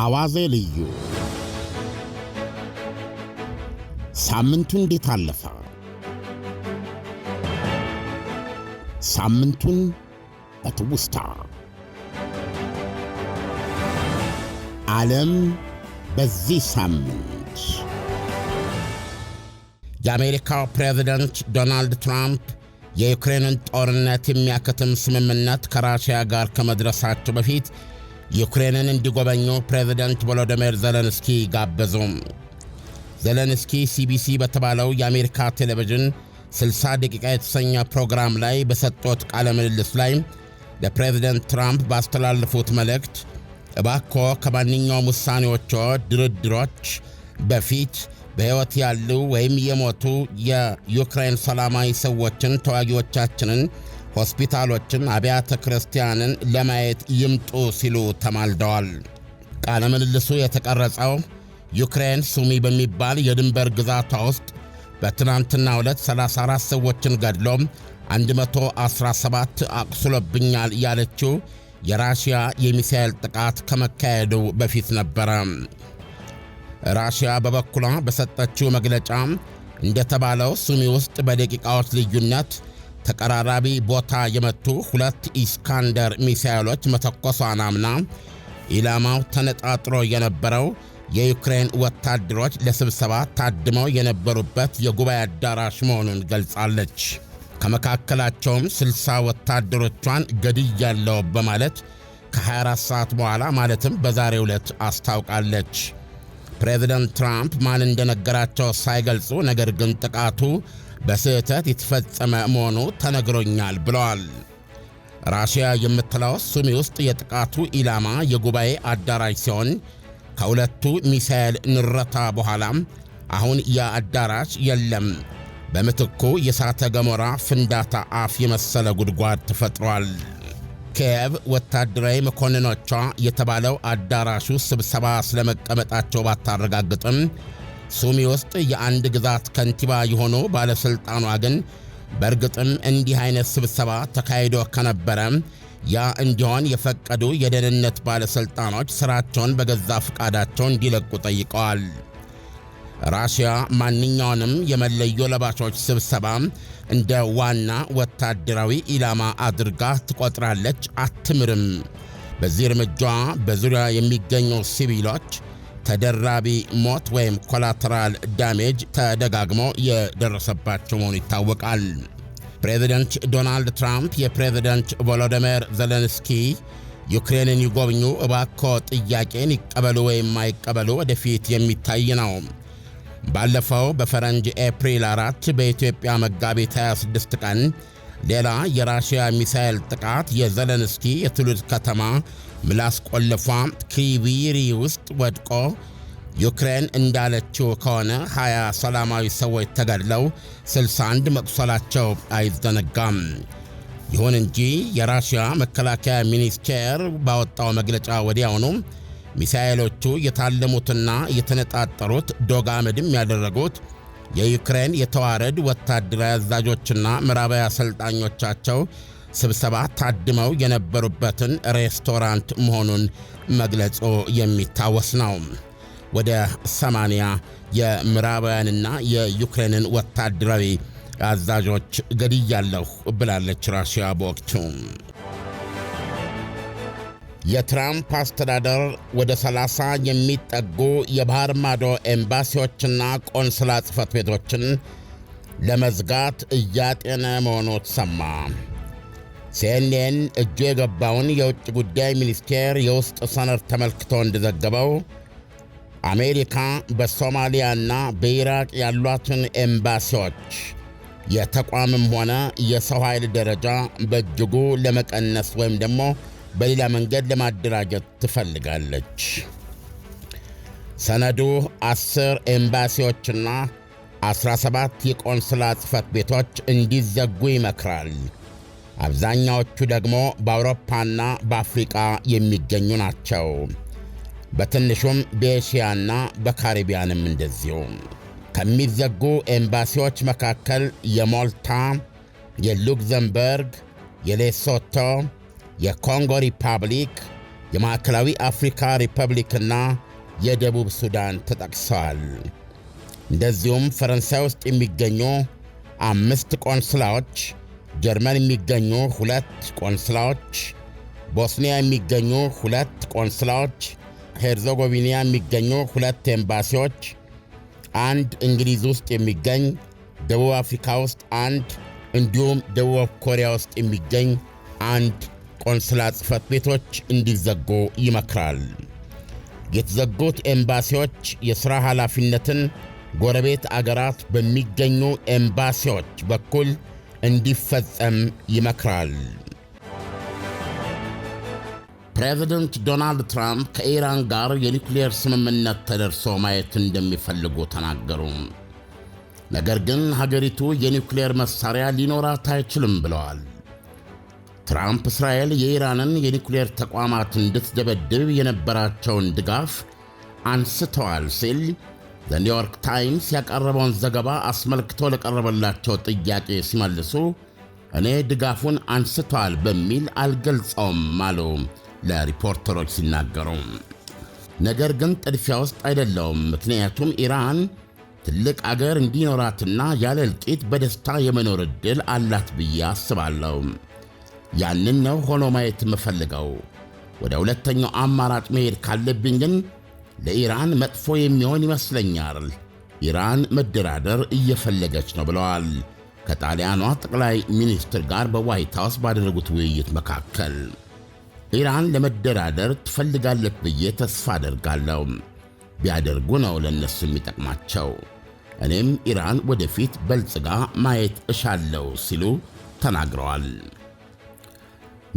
አዋዜ ልዩ ሳምንቱ እንዴት አለፈ? ሳምንቱን በትውስታ ዓለም በዚህ ሳምንት የአሜሪካው ፕሬዝደንት ዶናልድ ትራምፕ የዩክሬንን ጦርነት የሚያከትም ስምምነት ከራሽያ ጋር ከመድረሳቸው በፊት ዩክሬንን እንዲጎበኙ ፕሬዝደንት ቮሎዲሚር ዘለንስኪ ጋበዙ። ዘለንስኪ ሲቢሲ በተባለው የአሜሪካ ቴሌቪዥን 60 ደቂቃ የተሰኘ ፕሮግራም ላይ በሰጡት ቃለ ምልልስ ላይ ለፕሬዝደንት ትራምፕ ባስተላለፉት መልእክት እባክዎ ከማንኛውም ውሳኔዎቹ፣ ድርድሮች በፊት በሕይወት ያሉ ወይም የሞቱ የዩክሬን ሰላማዊ ሰዎችን ተዋጊዎቻችንን ሆስፒታሎችን፣ አብያተ ክርስቲያንን ለማየት ይምጡ ሲሉ ተማልደዋል። ቃለ ምልልሱ የተቀረጸው ዩክሬን ሱሚ በሚባል የድንበር ግዛቷ ውስጥ በትናንትና ዕለት 34 ሰዎችን ገድሎም 117 አቁስሎብኛል ያለችው የራሽያ የሚሳኤል ጥቃት ከመካሄዱ በፊት ነበረ። ራሽያ በበኩሏ በሰጠችው መግለጫ እንደተባለው ሱሚ ውስጥ በደቂቃዎች ልዩነት ተቀራራቢ ቦታ የመቱ ሁለት ኢስካንደር ሚሳይሎች መተኮሷን አምና ኢላማው ተነጣጥሮ የነበረው የዩክሬን ወታደሮች ለስብሰባ ታድመው የነበሩበት የጉባኤ አዳራሽ መሆኑን ገልጻለች። ከመካከላቸውም 60 ወታደሮቿን ያለው በማለት ከ24 ሰዓት በኋላ ማለትም በዛሬ ዕለት አስታውቃለች። ፕሬዚደንት ትራምፕ ማን እንደነገራቸው ሳይገልጹ ነገር ግን ጥቃቱ በስህተት የተፈጸመ መሆኑ ተነግሮኛል ብለዋል። ራሽያ የምትለው ሱሚ ውስጥ የጥቃቱ ኢላማ የጉባኤ አዳራሽ ሲሆን ከሁለቱ ሚሳኤል ንረታ በኋላም አሁን የአዳራሽ የለም። በምትኩ የእሳተ ገሞራ ፍንዳታ አፍ የመሰለ ጉድጓድ ተፈጥሯል። ኪየቭ ወታደራዊ መኮንኖቿ የተባለው አዳራሹ ስብሰባ ስለመቀመጣቸው ባታረጋግጥም ሱሚ ውስጥ የአንድ ግዛት ከንቲባ የሆኑ ባለሥልጣኗ ግን በእርግጥም እንዲህ አይነት ስብሰባ ተካሂዶ ከነበረ ያ እንዲሆን የፈቀዱ የደህንነት ባለሥልጣኖች ሥራቸውን በገዛ ፈቃዳቸው እንዲለቁ ጠይቀዋል። ራሽያ ማንኛውንም የመለዮ ለባሾች ስብሰባ እንደ ዋና ወታደራዊ ኢላማ አድርጋ ትቆጥራለች፣ አትምርም። በዚህ እርምጃ በዙሪያ የሚገኙ ሲቪሎች ተደራቢ ሞት ወይም ኮላተራል ዳሜጅ ተደጋግሞ የደረሰባቸው መሆኑ ይታወቃል። ፕሬዚደንት ዶናልድ ትራምፕ የፕሬዚደንት ቮሎዲሚር ዘለንስኪ ዩክሬንን ይጎብኙ እባኮ ጥያቄን ይቀበሉ ወይም አይቀበሉ ወደፊት የሚታይ ነው። ባለፈው በፈረንጅ ኤፕሪል 4 በኢትዮጵያ መጋቢት 26 ቀን ሌላ የራሽያ ሚሳኤል ጥቃት የዘለንስኪ የትውልድ ከተማ ምላስ ቆልፏ ክሪቪሪ ውስጥ ወድቆ ዩክሬን እንዳለችው ከሆነ 20 ሰላማዊ ሰዎች ተገድለው 61 መቁሰላቸው አይዘነጋም። ይሁን እንጂ የራሽያ መከላከያ ሚኒስቴር ባወጣው መግለጫ ወዲያውኑ ሚሳኤሎቹ የታለሙትና የተነጣጠሩት ዶግ አመድም ያደረጉት የዩክሬን የተዋረድ ወታደራዊ አዛዦችና ምዕራባዊ አሰልጣኞቻቸው ስብሰባ ታድመው የነበሩበትን ሬስቶራንት መሆኑን መግለጹ የሚታወስ ነው። ወደ 80 የምዕራባውያንና የዩክሬንን ወታደራዊ አዛዦች ገድያለሁ ብላለች ራሽያ በወቅቱ። የትራምፕ አስተዳደር ወደ 30 የሚጠጉ የባህር ማዶ ኤምባሲዎችና ቆንስላ ጽህፈት ቤቶችን ለመዝጋት እያጤነ መሆኑ ተሰማ። ሲኤንኤን እጁ የገባውን የውጭ ጉዳይ ሚኒስቴር የውስጥ ሰነድ ተመልክቶ እንደዘገበው አሜሪካ በሶማሊያና በኢራቅ ያሏትን ኤምባሲዎች የተቋምም ሆነ የሰው ኃይል ደረጃ በእጅጉ ለመቀነስ ወይም ደግሞ በሌላ መንገድ ለማደራጀት ትፈልጋለች። ሰነዱ አስር ኤምባሲዎችና 17 የቆንስላ ጽሕፈት ቤቶች እንዲዘጉ ይመክራል። አብዛኛዎቹ ደግሞ በአውሮፓና በአፍሪቃ የሚገኙ ናቸው። በትንሹም በኤሽያና በካሪቢያንም እንደዚሁ። ከሚዘጉ ኤምባሲዎች መካከል የሞልታ፣ የሉክዘምበርግ፣ የሌሶቶ፣ የኮንጎ ሪፐብሊክ፣ የማዕከላዊ አፍሪካ ሪፐብሊክና የደቡብ ሱዳን ተጠቅሰዋል። እንደዚሁም ፈረንሳይ ውስጥ የሚገኙ አምስት ቆንስላዎች ጀርመን የሚገኙ ሁለት ቆንስላዎች፣ ቦስኒያ የሚገኙ ሁለት ቆንስላዎች፣ ሄርዘጎቪኒያ የሚገኙ ሁለት ኤምባሲዎች፣ አንድ እንግሊዝ ውስጥ የሚገኝ ደቡብ አፍሪካ ውስጥ አንድ እንዲሁም ደቡብ ኮሪያ ውስጥ የሚገኝ አንድ ቆንስላ ጽፈት ቤቶች እንዲዘጉ ይመክራል። የተዘጉት ኤምባሲዎች የሥራ ኃላፊነትን ጎረቤት አገራት በሚገኙ ኤምባሲዎች በኩል እንዲፈጸም ይመክራል። ፕሬዚደንት ዶናልድ ትራምፕ ከኢራን ጋር የኒውክሌር ስምምነት ተደርሶ ማየት እንደሚፈልጉ ተናገሩ። ነገር ግን ሀገሪቱ የኒውክሌር መሳሪያ ሊኖራት አይችልም ብለዋል። ትራምፕ እስራኤል የኢራንን የኒውክሌር ተቋማት እንድትደበድብ የነበራቸውን ድጋፍ አንስተዋል ሲል ለኒውዮርክ ታይምስ ያቀረበውን ዘገባ አስመልክቶ ለቀረበላቸው ጥያቄ ሲመልሱ እኔ ድጋፉን አንስቷል በሚል አልገልጸውም አሉ ለሪፖርተሮች ሲናገሩ። ነገር ግን ጥድፊያ ውስጥ አይደለውም፣ ምክንያቱም ኢራን ትልቅ አገር እንዲኖራትና ያለ እልቂት በደስታ የመኖር ዕድል አላት ብዬ አስባለሁ። ያንን ነው ሆኖ ማየት የምፈልገው። ወደ ሁለተኛው አማራጭ መሄድ ካለብኝ ግን ለኢራን መጥፎ የሚሆን ይመስለኛል። ኢራን መደራደር እየፈለገች ነው ብለዋል። ከጣሊያኗ ጠቅላይ ሚኒስትር ጋር በዋይት ሃውስ ባደረጉት ውይይት መካከል ኢራን ለመደራደር ትፈልጋለች ብዬ ተስፋ አደርጋለሁ። ቢያደርጉ ነው ለእነሱ የሚጠቅማቸው። እኔም ኢራን ወደፊት በልጽጋ ማየት እሻለው ሲሉ ተናግረዋል።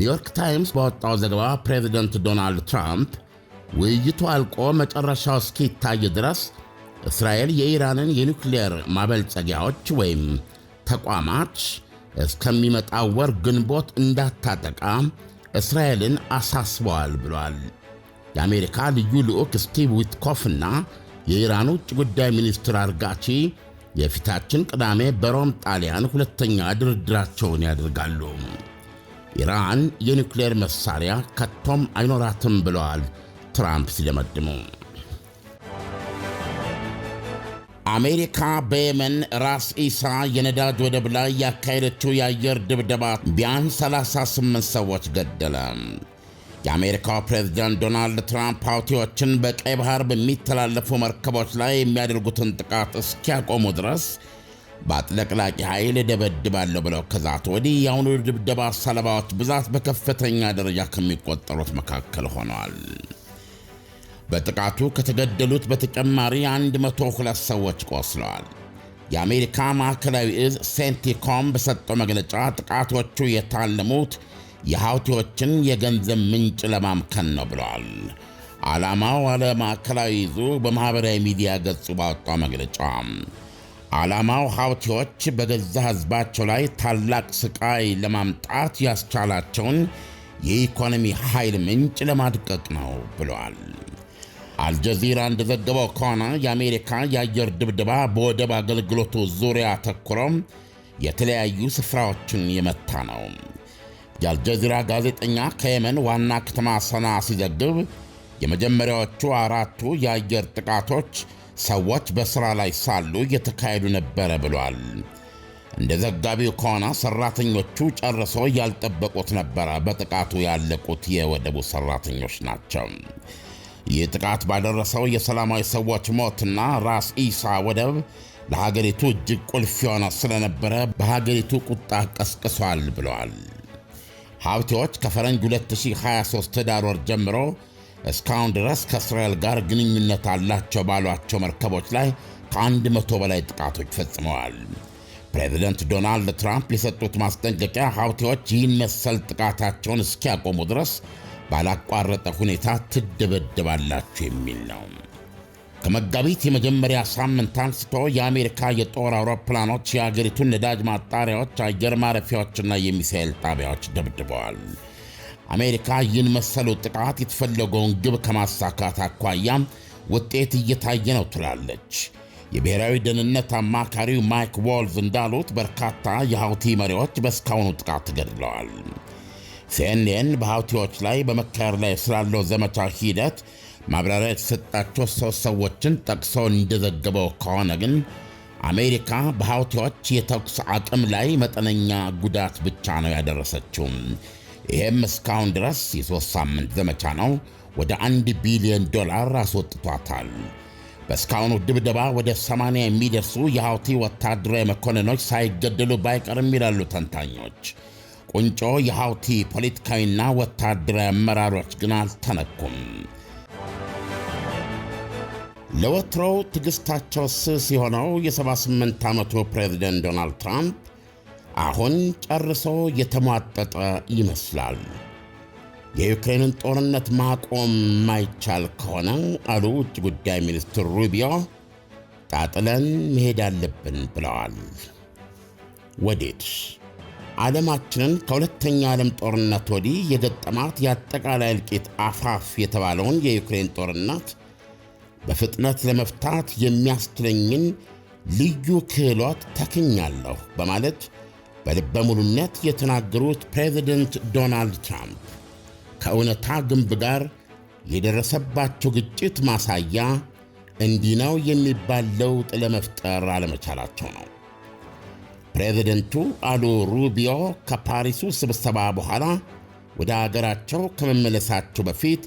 ኒውዮርክ ታይምስ ባወጣው ዘገባ ፕሬዚደንት ዶናልድ ትራምፕ ውይይቱ አልቆ መጨረሻው እስኪታይ ድረስ እስራኤል የኢራንን የኒውክሌር ማበልጸጊያዎች ወይም ተቋማት እስከሚመጣ ወር ግንቦት እንዳታጠቃ እስራኤልን አሳስበዋል ብሏል። የአሜሪካ ልዩ ልዑክ ስቲቭ ዊትኮፍና የኢራን ውጭ ጉዳይ ሚኒስትር አርጋቺ የፊታችን ቅዳሜ በሮም ጣሊያን ሁለተኛ ድርድራቸውን ያደርጋሉ። ኢራን የኒውክሌር መሣሪያ ከቶም አይኖራትም ብለዋል ትራምፕ ሲደመድሙ አሜሪካ በየመን ራስ ኢሳ የነዳጅ ወደብ ላይ ያካሄደችው የአየር ድብደባ ቢያንስ 38 ሰዎች ገደለ። የአሜሪካው ፕሬዝዳንት ዶናልድ ትራምፕ ሀውቲዎችን በቀይ ባህር በሚተላለፉ መርከቦች ላይ የሚያደርጉትን ጥቃት እስኪያቆሙ ድረስ በአጥለቅላቂ ኃይል ደበድባለሁ ብለው ከዛት ወዲህ የአሁኑ ድብደባ ሰለባዎች ብዛት በከፍተኛ ደረጃ ከሚቆጠሩት መካከል ሆነዋል። በጥቃቱ ከተገደሉት በተጨማሪ 102 ሰዎች ቆስለዋል። የአሜሪካ ማዕከላዊ እዝ ሴንቲኮም በሰጠው መግለጫ ጥቃቶቹ የታለሙት የሐውቲዎችን የገንዘብ ምንጭ ለማምከን ነው ብለዋል። ዓላማው አለ ማዕከላዊ እዙ በማኅበራዊ ሚዲያ ገጹ ባወጣው መግለጫ ዓላማው ሐውቲዎች በገዛ ሕዝባቸው ላይ ታላቅ ሥቃይ ለማምጣት ያስቻላቸውን የኢኮኖሚ ኃይል ምንጭ ለማድቀቅ ነው ብለዋል። አልጀዚራ እንደዘገበው ከሆነ የአሜሪካ የአየር ድብደባ በወደብ አገልግሎቱ ዙሪያ አተኩሮም የተለያዩ ስፍራዎችን የመታ ነው። የአልጀዚራ ጋዜጠኛ ከየመን ዋና ከተማ ሰና ሲዘግብ የመጀመሪያዎቹ አራቱ የአየር ጥቃቶች ሰዎች በሥራ ላይ ሳሉ እየተካሄዱ ነበረ ብሏል። እንደ ዘጋቢው ከሆነ ሠራተኞቹ ጨርሰው ያልጠበቁት ነበረ። በጥቃቱ ያለቁት የወደቡ ሠራተኞች ናቸው። ይህ ጥቃት ባደረሰው የሰላማዊ ሰዎች ሞትና ራስ ኢሳ ወደብ ለሀገሪቱ እጅግ ቁልፍ የሆነ ስለነበረ በሀገሪቱ ቁጣ ቀስቅሷል ብለዋል። ሀብቴዎች ከፈረንጅ 2023 ኅዳር ወር ጀምሮ እስካሁን ድረስ ከእስራኤል ጋር ግንኙነት አላቸው ባሏቸው መርከቦች ላይ ከአንድ መቶ በላይ ጥቃቶች ፈጽመዋል። ፕሬዚደንት ዶናልድ ትራምፕ የሰጡት ማስጠንቀቂያ ሀብቴዎች ይህን መሰል ጥቃታቸውን እስኪያቆሙ ድረስ ባላቋረጠ ሁኔታ ትደበደባላችሁ የሚል ነው። ከመጋቢት የመጀመሪያ ሳምንት አንስቶ የአሜሪካ የጦር አውሮፕላኖች የአገሪቱን ነዳጅ ማጣሪያዎች፣ አየር ማረፊያዎችና የሚሳኤል ጣቢያዎች ደብድበዋል። አሜሪካ ይህን መሰሉ ጥቃት የተፈለገውን ግብ ከማሳካት አኳያ ውጤት እየታየ ነው ትላለች። የብሔራዊ ደህንነት አማካሪው ማይክ ዋልዝ እንዳሉት በርካታ የሀውቲ መሪዎች በእስካሁኑ ጥቃት ተገድለዋል። ሲኤንኤን በሀውቲዎች ላይ በመካሄድ ላይ ስላለው ዘመቻ ሂደት ማብራሪያ የተሰጣቸው ሦስት ሰዎችን ጠቅሶ እንደዘገበው ከሆነ ግን አሜሪካ በሀውቲዎች የተኩስ አቅም ላይ መጠነኛ ጉዳት ብቻ ነው ያደረሰችው። ይህም እስካሁን ድረስ የሶስት ሳምንት ዘመቻ ነው ወደ አንድ ቢሊዮን ዶላር አስወጥቷታል። በእስካሁኑ ድብደባ ወደ 80 የሚደርሱ የሀውቲ ወታደራዊ መኮንኖች ሳይገደሉ ባይቀርም ይላሉ ተንታኞች። ቁንጮ የሐውቲ ፖለቲካዊና ወታደራዊ አመራሮች ግን አልተነኩም። ለወትሮው ትዕግሥታቸው ስስ የሆነው የ78 ዓመቱ ፕሬዝደንት ዶናልድ ትራምፕ አሁን ጨርሶ የተሟጠጠ ይመስላል። የዩክሬንን ጦርነት ማቆም ማይቻል ከሆነ አሉ ውጭ ጉዳይ ሚኒስትር ሩቢዮ፣ ጣጥለን መሄድ አለብን ብለዋል። ወዴት? ዓለማችንን ከሁለተኛ ዓለም ጦርነት ወዲህ የገጠማት የአጠቃላይ እልቂት አፋፍ የተባለውን የዩክሬን ጦርነት በፍጥነት ለመፍታት የሚያስችለኝን ልዩ ክህሎት ተክኛለሁ በማለት በልበ ሙሉነት የተናገሩት ፕሬዚደንት ዶናልድ ትራምፕ ከእውነታ ግንብ ጋር የደረሰባቸው ግጭት ማሳያ እንዲህ ነው የሚባል ለውጥ ለመፍጠር አለመቻላቸው ነው። ፕሬዚደንቱ አሉ ሩቢዮ ከፓሪሱ ስብሰባ በኋላ ወደ አገራቸው ከመመለሳቸው በፊት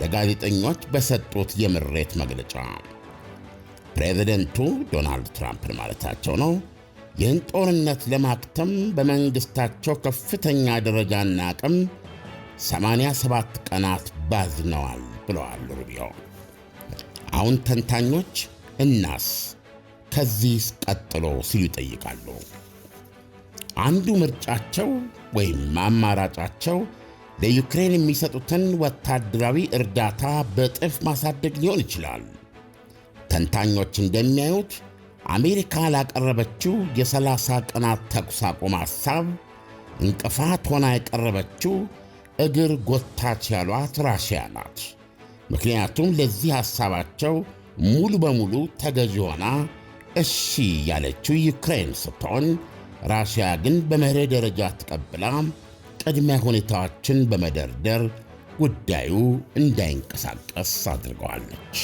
ለጋዜጠኞች በሰጡት የምሬት መግለጫ ፕሬዚደንቱ ዶናልድ ትራምፕን ማለታቸው ነው። ይህን ጦርነት ለማክተም በመንግሥታቸው ከፍተኛ ደረጃና አቅም 87 ቀናት ባዝነዋል ብለዋል ሩቢዮ። አሁን ተንታኞች እናስ ከዚህ ቀጥሎ ሲሉ ይጠይቃሉ። አንዱ ምርጫቸው ወይም አማራጫቸው ለዩክሬን የሚሰጡትን ወታደራዊ እርዳታ በጥፍ ማሳደግ ሊሆን ይችላል። ተንታኞች እንደሚያዩት አሜሪካ ላቀረበችው የ30 ቀናት ተኩስ አቁም ሐሳብ እንቅፋት ሆና የቀረበችው እግር ጎታች ያሏት ራሽያ ናት። ምክንያቱም ለዚህ ሐሳባቸው ሙሉ በሙሉ ተገዢ ሆና እሺ ያለችው ዩክሬን ስትሆን ራሽያ ግን በመርህ ደረጃ ተቀብላ ቅድመ ሁኔታዎችን በመደርደር ጉዳዩ እንዳይንቀሳቀስ አድርገዋለች።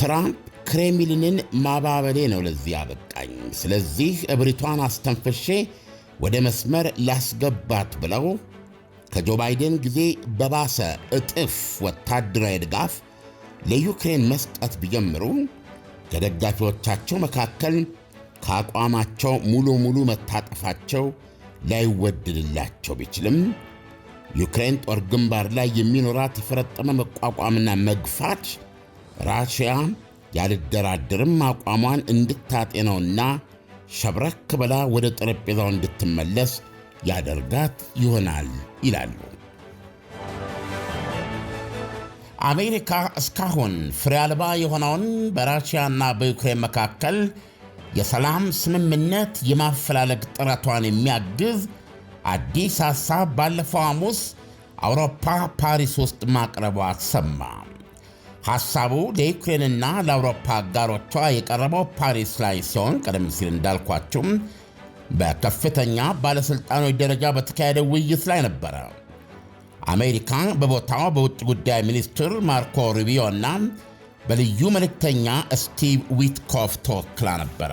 ትራምፕ ክሬምሊንን ማባበሌ ነው ለዚህ አበቃኝ፣ ስለዚህ እብሪቷን አስተንፍሼ ወደ መስመር ላስገባት ብለው ከጆ ባይደን ጊዜ በባሰ እጥፍ ወታደራዊ ድጋፍ ለዩክሬን መስጠት ቢጀምሩ ከደጋፊዎቻቸው መካከል ከአቋማቸው ሙሉ ሙሉ መታጠፋቸው ላይወድልላቸው ቢችልም ዩክሬን ጦር ግንባር ላይ የሚኖራት የፈረጠመ መቋቋምና መግፋት ራሽያ ያልደራደርም አቋሟን እንድታጤነውና ሸብረክ ብላ ወደ ጠረጴዛው እንድትመለስ ያደርጋት ይሆናል ይላሉ። አሜሪካ እስካሁን ፍሬ አልባ የሆነውን በራሽያና በዩክሬን መካከል የሰላም ስምምነት የማፈላለግ ጥረቷን የሚያግዝ አዲስ ሐሳብ ባለፈው ሐሙስ አውሮፓ ፓሪስ ውስጥ ማቅረቧ ተሰማ። ሐሳቡ ለዩክሬንና ለአውሮፓ አጋሮቿ የቀረበው ፓሪስ ላይ ሲሆን ቀደም ሲል እንዳልኳችሁም በከፍተኛ ባለሥልጣኖች ደረጃ በተካሄደ ውይይት ላይ ነበረ። አሜሪካ በቦታው በውጭ ጉዳይ ሚኒስትር ማርኮ ሩቢዮ እና በልዩ መልእክተኛ ስቲቭ ዊትኮፍ ተወክላ ነበረ።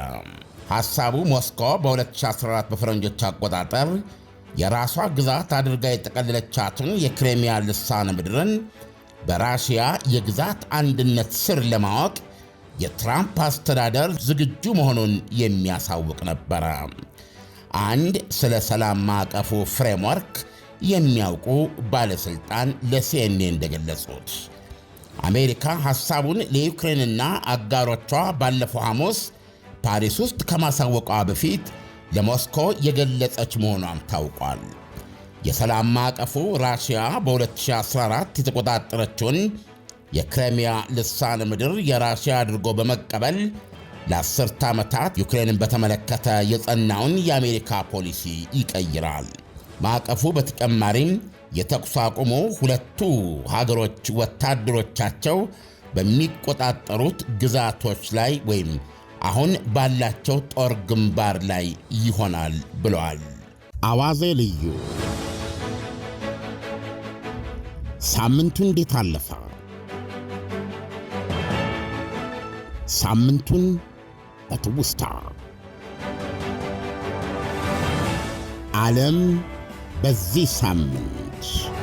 ሐሳቡ ሞስኮ በ2014 በፈረንጆች አቆጣጠር የራሷ ግዛት አድርጋ የጠቀለለቻትን የክሬሚያ ልሳነ ምድርን በራሽያ የግዛት አንድነት ስር ለማወቅ የትራምፕ አስተዳደር ዝግጁ መሆኑን የሚያሳውቅ ነበረ። አንድ ስለ ሰላም ማዕቀፉ ፍሬምወርክ የሚያውቁ ባለሥልጣን ለሲኤንኤ እንደገለጹት አሜሪካ ሐሳቡን ለዩክሬንና አጋሮቿ ባለፈው ሐሙስ ፓሪስ ውስጥ ከማሳወቋ በፊት ለሞስኮ የገለጸች መሆኗም ታውቋል። የሰላም ማዕቀፉ ራሽያ በ2014 የተቆጣጠረችውን የክሬሚያ ልሳነ ምድር የራሽያ አድርጎ በመቀበል ለአስርተ ዓመታት ዩክሬንን በተመለከተ የጸናውን የአሜሪካ ፖሊሲ ይቀይራል። ማዕቀፉ በተጨማሪም የተኩስ አቁሙ ሁለቱ ሀገሮች ወታደሮቻቸው በሚቆጣጠሩት ግዛቶች ላይ ወይም አሁን ባላቸው ጦር ግንባር ላይ ይሆናል ብለዋል። አዋዜ ልዩ ሳምንቱ እንዴት አለፈ? ሳምንቱን በትውስታ ዓለም በዚህ ሳምንት much.